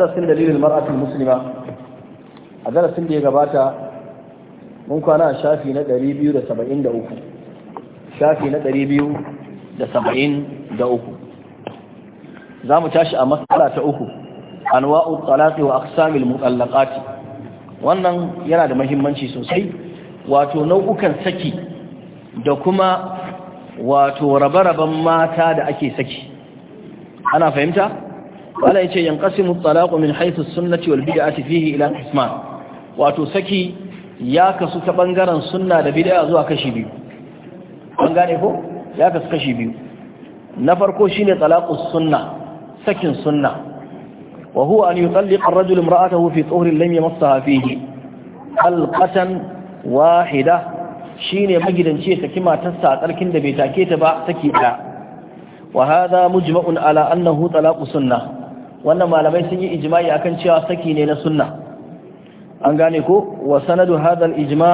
darasin dalilin mar'atul muslima a darasin da ya gabata mun kwana a shafi na 273 shafi na 273 za mu tashi a matsala ta uku anwa'u talaqi wa aqsamil mutallaqati wannan yana da mahimmanci sosai wato nau'ukan saki da kuma wato rabe-raben mata da ake saki ana fahimta wala yace yanqasimu at-talaqu min haythu as-sunnati wal bid'ati fihi ila qisman wato saki ya kasu ta bangaren sunna da bid'a zuwa kashi biyu an ko ya kasu kashi biyu na farko shine talaqu sunna sakin sunna wa huwa an yutalliqa ar-rajulu imra'atahu fi tuhrin lam yamassaha fihi alqatan wahida shine magidanci ya saki matarsa a tsarkin da bai take ta ba saki ɗaya wa hada mujma'un ala annahu talaqu sunnah wannan malamai sun yi ijma'i akan cewa saki ne na sunna an gane ko wa sanadu hadal ijma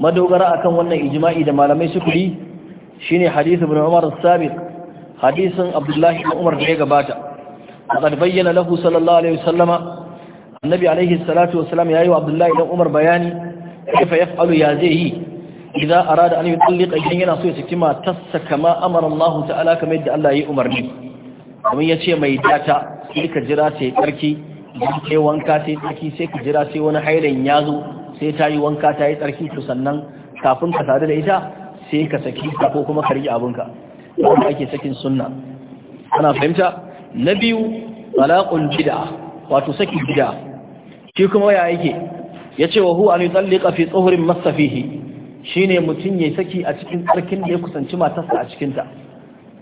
madogara akan wannan ijma'i da malamai su kudi shine hadith ibn Umar as-Sabiq hadisin Abdullah ibn Umar da ya gabata qad bayyana lahu sallallahu alaihi wasallama annabi alaihi salatu wasallam yayi wa Abdullahi ibn Umar bayani kaifa yaf'alu ya zai idan arada an yutalliqa idan yana so ya saki matarsa kama amara Allah ta'ala kamar yadda Allah ya umarni kamar ya ce mai data sai ka jira sai tsarki don sai wanka sai tsarki sai ka jira sai wani hairan ya zo sai ta yi wanka ta yi tsarki to sannan kafin ka sadu da ita sai ka saki ka ko kuma ka rike abinka wanda ake sakin sunna ana fahimta na biyu talaqul bid'a wato sakin bid'a shi kuma ya yake yace wa huwa an yutalliqa fi tsuhurin masafihi shine mutun yayi saki a cikin tsarkin da ya kusanci matarsa a cikin ta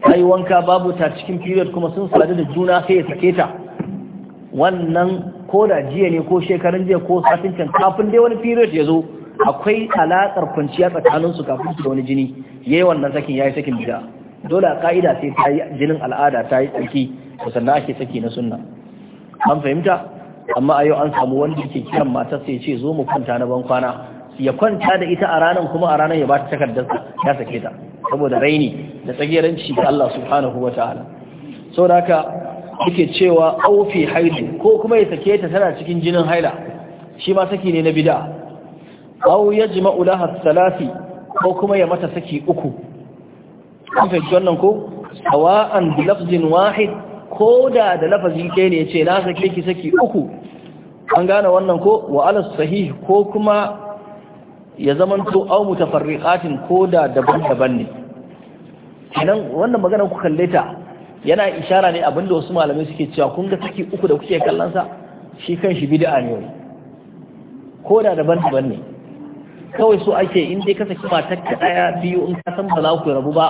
ai wanka babu ta cikin period kuma sun sadu da juna sai ya sake ta wannan ko da jiya ne ko shekarun jiya ko satin can kafin dai wani period ya zo akwai alaƙar kwanciya tsakanin su kafin su da wani jini yay wannan sakin yayi sakin bida dole a ka'ida sai ta yi jinin al'ada ta yi tsarki sannan ake saki na sunna an fahimta amma a yau an samu wanda yake kiran matar sai ce zo mu kwanta na bankwana, ya kwanta da ita a ranar kuma a ranar ya ba ta takardar ya sake ta saboda raini da tsageranci ga Allah subhanahu wa ta'ala saboda haka suke cewa aufi haidi ko kuma ya sake ta tana cikin jinin haila shi ma saki ne na bid'a aw yajma'u laha salasi ko kuma ya mata saki uku an fahimci wannan ko sawa'an bi lafzin wahid ko da da lafazin kai ne yace na sake ki saki uku an gane wannan ko wa ala sahih ko kuma ya zamanto aw mutafarriqatin ko da daban-daban ne kenan wannan magana ku kalle ta yana ishara ne abinda wasu malamai suke cewa kun ga saki uku da kuke kallon sa shi kan shi bid'a ne ko da daban daban ne kawai so ake in dai ka saki matar ka daya biyu in ka san ba za ku rabu ba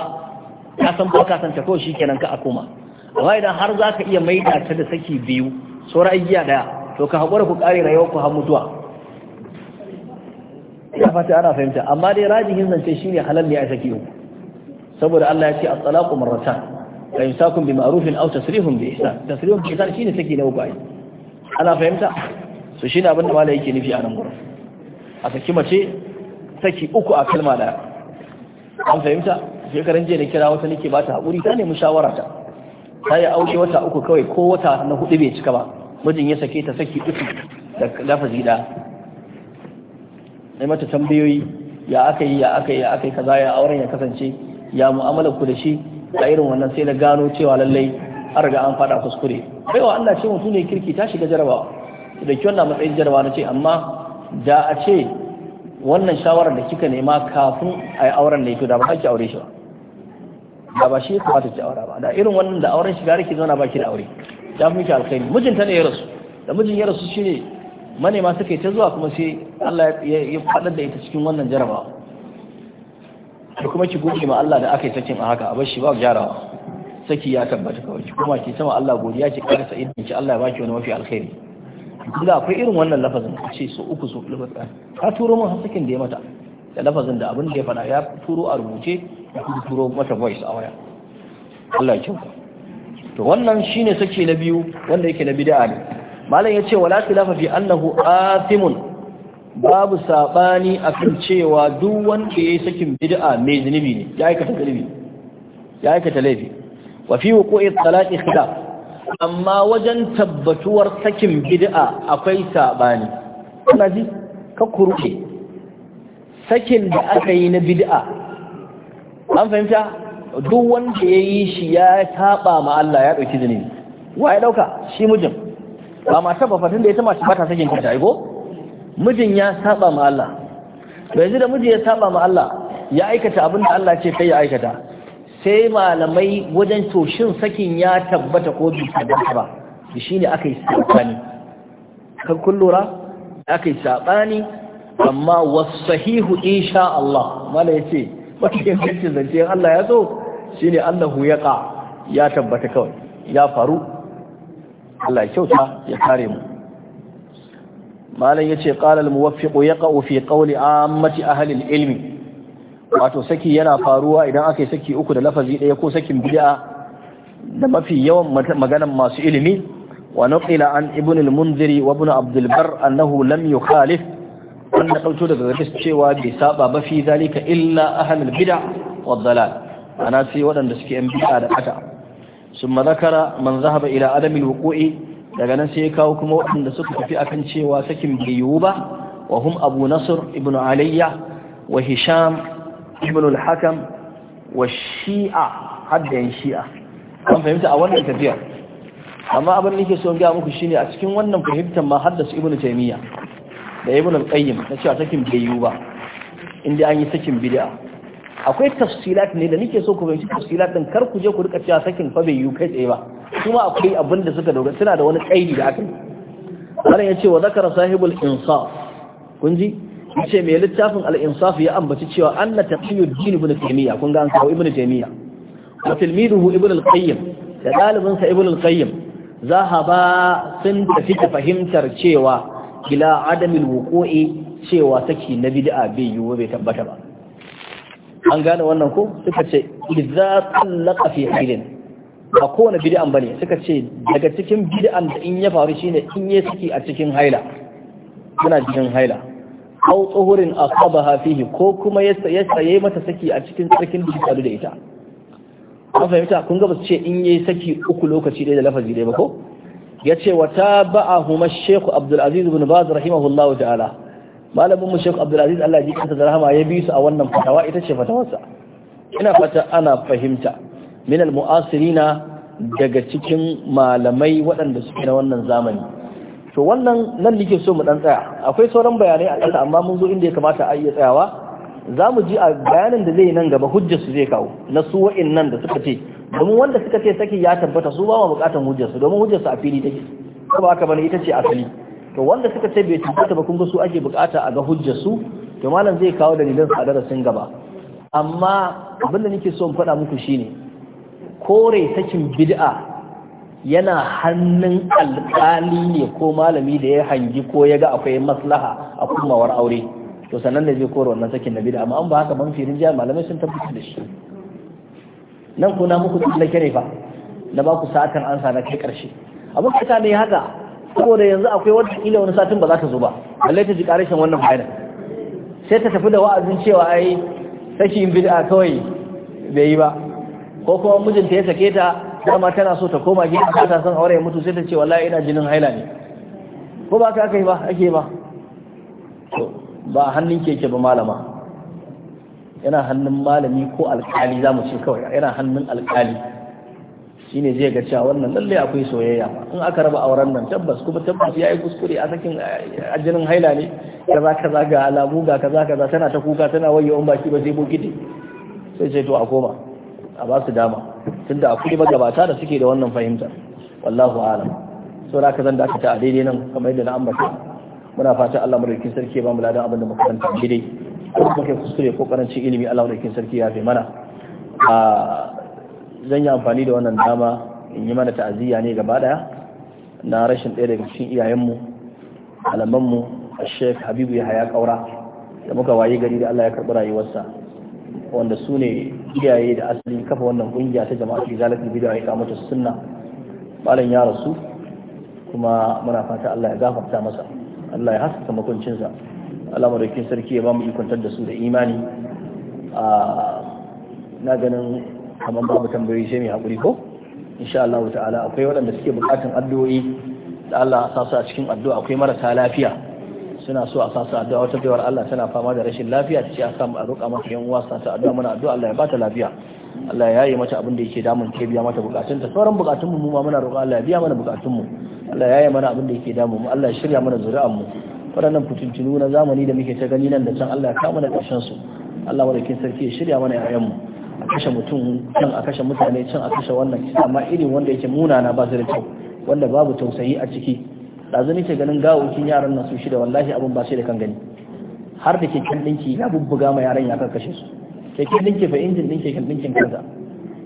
ka san ba ka san ta kawai shikenan ka akoma amma idan har za ka iya maida ta da saki biyu saura igiya daya to ka haƙura ku ƙare rayuwar ku har mutuwa ya fata ana fahimta amma dai rajihin zance shine halal ne a saki uku saboda Allah ya ce a at-talaqu marratan yi imsakun bi ma'rufin aw tasrihun bi Da tasrihun bi ihsan shine saki na uku ai ana fahimta su shi abin da malai yake nufi a nan gurin a saki mace saki uku a kalma da an fahimta shekaran jiya da kira wata nake ba ta haƙuri ta nemi shawara ta ta yi auki wata uku kawai ko wata na hudu bai cika ba mijin ya sake ta saki uku da lafazi zida na mata tambayoyi ya aka yi ya aka yi ya aka yi kaza ya auren ya kasance ya mu'amala ku da shi a irin wannan sai na gano cewa lallai an riga an fada kuskure baiwa Allah ce mutum ne kirki ta shiga jarabawa da ke wannan matsayin jarabawa na ce amma da a ce wannan shawarar da kika nema kafin a yi auren da yake da ba ki aure shi ba da ba shi ya kamata ki aura ba da irin wannan da auren shiga rike zauna baki da aure ya fi miki alkhairi mijinta ne ya rasu da mijin ya rasu shine manema suka yi ta zuwa kuma sai Allah ya faɗar da ita cikin wannan jarabawa To kuma ki gode ma Allah da aka yi sakin a haka a bar shi ba gyarawa saki ya tabbata kawai ki kuma ki sama Allah godiya ki ƙara sa ki Allah ya baki wani mafi alkhairi kuma akwai irin wannan lafazin a ce so uku so lafazin Ka turo mun sakin da ya mata da lafazin da abin da ya fada ya turo a rubuce ya kuma turo mata voice a waya Allah ya ci to wannan shine sake na biyu wanda yake na bid'a ne malam yace wala khilafa fi annahu athimun babu saɓani a kan cewa duk wanda ya yi sakin bid'a mai zunubi ne ya aikata zunubi ya aikata laifi wa fi wuku'i talaƙi khilaf amma wajen tabbatuwar sakin bid'a akwai saɓani kana ji ka kurke sakin da aka yi na bid'a an fahimta duk wanda ya yi shi ya taɓa ma Allah ya ɗauki zunubi wa ya ɗauka shi mujin ba ma tabbatar da ya sama shi ba ta sakin kanta aiko mijin ya saba ma Allah yanzu da miji ya saba ma Allah ya aikata abin da Allah ce kai ya aikata sai malamai wajen toshin sakin ya tabbata ko bi tabbata ba shine aka yi sabani kan kun lura aka yi sabani amma wasahihu insha Allah mala yace wata hancin zance Allah ya so shine annahu yaqa ya tabbata kawai ya faru Allah ya kyauta ya kare mu malam ce qala al ya yaqa'u fi qawli mati a halin ilmi wato saki yana faruwa idan aka yi saki uku da lafazi ɗaya ko sakin bid'a da mafi yawan maganan masu ilimi wa nuqila an ibn al-munziri wa ibn abd al annahu lam yukhalif wanda dauko daga gafis cewa bai saba ba fi zalika illa ahli al-bid'a wa dalal ana sai waɗanda suke yan bid'a da ata ثم man zahaba ila إلى عدم الوقوع daga nan sai ya kawo kuma waɗanda suka tafi akan cewa sakin bai yiwu ba wa hum abu nasr ibn alayya wa hisham ibn al-hakam wa shi'a haddayan shi'a an fahimta a wannan tafiya amma abin da nake so ga muku shine a cikin wannan fahimtar ma haddasu ibn taymiya da ibn al-qayyim na cewa sakin bai yiwu ba inda an yi sakin bid'a akwai tafsilat ne da nake so ku fahimci tafsilat din kar ku je ku rika cewa sakin fa bai yiwu kai tsaye ba kuma akwai abin da suka dogara suna da wani kaidi da aka yi wannan yace wa zakara sahibul insaf kun ji yace me littafin al-insaf ya ambaci cewa anna taqiyuddin ibn taymiya kun ga an kawo ibn taymiya wa tilmiduhu ibn al-qayyim da dalibin sa ibn al-qayyim zahaba sun tafi fahimtar cewa ila adamil wuqu'i cewa saki na bid'a bai yiwu bai tabbata ba an gane wannan ko suka ce idza tallaqa fi hilin ba kowane bid'an bane suka ce daga cikin bid'an da in ya faru shine in ya saki a cikin haila yana cikin haila aw tsuhurin asabaha fihi ko kuma ya tsaye mata saki a cikin tsarkin da ya da ita an fahimta kun ga ba su ce in yayi saki uku lokaci ɗaya da lafazi ɗaya ba ko ya ce wa taba'ahu mashaiku abdulaziz ibn baz rahimahullahu ta'ala malamin mu shaikh abdulaziz Allah ya ji kansa da rahama ya bi su a wannan fatawa ita ce fatawarsa ina fata ana fahimta min al-mu'asirina daga cikin malamai waɗanda suke na wannan zamani to wannan nan nake so mu dan tsaya akwai sauran bayanai a ƙasa amma mun zo inda ya kamata a yi tsayawa za mu ji a bayanin da zai nan gaba hujjar su zai kawo na su wa'innan da suka ce domin wanda suka ce saki ya tabbata su ba ma bukatan hujjar su domin hujjar su a fili take ko ba haka bane ita ce asali to wanda suka ce bai tabbata ba kun ga su ake bukata a ga hujjar su to malam zai kawo dalilan su a darasin gaba amma abin da nake so in faɗa muku shine kore sakin bid'a yana hannun alƙali ne ko malami da ya hangi ko ya ga akwai maslaha a kumawar aure to sannan ne zai kore wannan sakin na bid'a amma an ba haka ban firin jiya malamai sun tabbata da shi nan na muku tsallake ne fa na ba ku sa'atan ansa na kai ƙarshe abin ta ne haka saboda yanzu akwai wata ila wani satin ba za ta zo ba balle ta ji ƙarshen wannan bayanin sai ta tafi da wa'azin cewa ai sakin bid'a kawai bai yi ba ko kuma mijinta ya sake ta dama tana so ta koma gida ba ta son aure ya mutu sai ta ce wallahi ina jinin haila ne ko ba ka kai ba ake ba to ba hannun keke ba malama yana hannun malami ko alkali za ce kawai yana hannun alkali shine zai ga cewa wannan lalle akwai soyayya in aka raba auren nan tabbas kuma tabbas yayi kuskure a sakin ajinin haila ne kaza kaza ga alabu ga kaza kaza tana ta kuka tana wayo in baki ba sai bokiti sai sai to a koma a ba su dama tunda akwai magabata da suke da wannan fahimta wallahu alam da aka zan dakata a daidai nan kamar yadda na ambata muna fata Allah madaukakin sarki ba mu ladan abin da muka karanta daidai kuma muke kuskure ko karancin ilimi Allah madaukakin sarki ya fi mana a zan yi amfani da wannan dama in yi mana ta'aziyya ne gaba daya na rashin ɗaya daga cikin iyayenmu alamanmu shek Habibu ya haya Kaura da muka waye gari da Allah ya karɓi rayuwarsa wanda su ne iyaye da asali kafa wannan kungiya ta jama'a fi zalatul bid'a ya kama ta sunna malam ya rasu kuma muna fata Allah ya gafarta masa Allah ya haskaka makuncinsa Allah madaukin sarki ya ba mu ikontar da su da imani a na ganin kamar babu tambayoyi sai mai hakuri ko insha Allah ta'ala akwai waɗanda suke bukatun addu'o'i da Allah sa su a cikin addu'a akwai marasa lafiya suna so a sasa addu'a wata baiwar Allah tana fama da rashin lafiya ta ce a samu a roƙa mata yan uwa ta addu'a muna addu'a Allah ya bata lafiya Allah ya yi mata abin da yake damun ke biya mata bukatun ta sauran bukatun mu ma muna roƙa Allah ya biya mana bukatun mu Allah ya yi mana abin da yake damun mu Allah ya shirya mana zuri'an mu waɗannan fitintunu na zamani da muke ta gani nan da can Allah ya kama da ƙarshen su Allah madaukin sarki ya shirya mana ƴaƴan mu a kashe mutum can a kashe mutane can a kashe wannan amma irin wanda yake munana ba su da kyau wanda babu tausayi a ciki ɗazu ke ganin gawokin yaran nan su shida wallahi abin ba shi da kan gani har da keken ɗinki ya bubbuga ma yaran ya karkashe su keken ɗinki fa injin ɗin keken ɗinkin kansa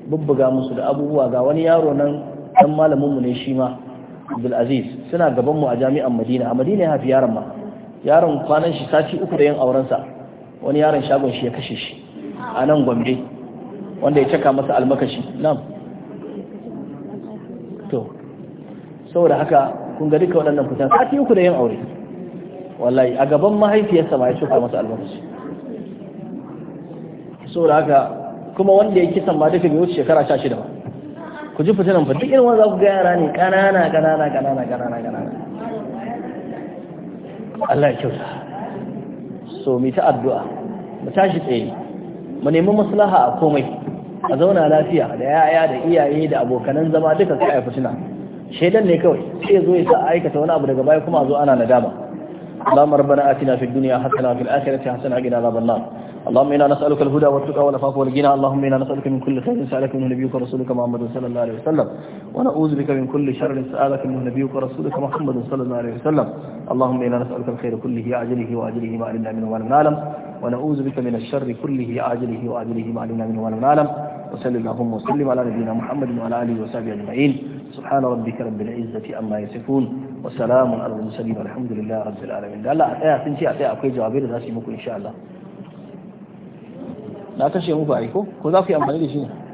bubbuga musu da abubuwa ga wani yaro nan dan malamin mu ne shi ma Aziz suna gaban mu a jami'an Madina a Madina ya hafi yaron ma yaron kwanan shi sati uku da yin aurensa wani yaron shagon shi ya kashe shi a nan Gombe wanda ya caka masa almakashi nan to saboda haka kun ga duka waɗannan fitan sati uku da yin aure wallahi a gaban mahaifiyarsa ma ya shuka masa albarci da haka kuma wanda ya kisan ma duka bai wuce shekara sha shida ba ku ji fitinan ba duk irin wanda za ku ga yara ne ƙanana ƙanana ƙanana ƙanana ƙanana Allah ya kyauta so mu ta addu'a mu tashi tsaye mu nemi maslaha a komai a zauna lafiya da yaya da iyaye da abokanan zama duka sai a fitina shaidan ne kawai sai ya zo ya aikata wani abu daga baya kuma a zo ana nadama اللهم ربنا آتنا في الدنيا حسنة وفي الآخرة حسنة وقنا عذاب النار اللهم إنا نسألك الهدى والتقى والعفاف والغنى اللهم إنا نسألك من كل خير سألك منه نبيك ورسولك محمد صلى الله عليه وسلم ونعوذ بك من كل شر سألك منه نبيك ورسولك محمد صلى الله عليه وسلم اللهم إنا نسألك الخير كله عاجله وآجله ما علمنا منه ولم نعلم ونعوذ بك من الشر كله عاجله وآجله ما علمنا منه ولم نعلم وصلى اللهم وسلم على نبينا محمد وعلى آله وصحبه أجمعين subhana rabbika rabbil izzati amma yasifun wa salamun alal mursalin walhamdulillahi rabbil alamin da Allah sun ce a akwai jawabai da za su yi muku insha Allah na kashe muku ai ko ko yi amfani da shi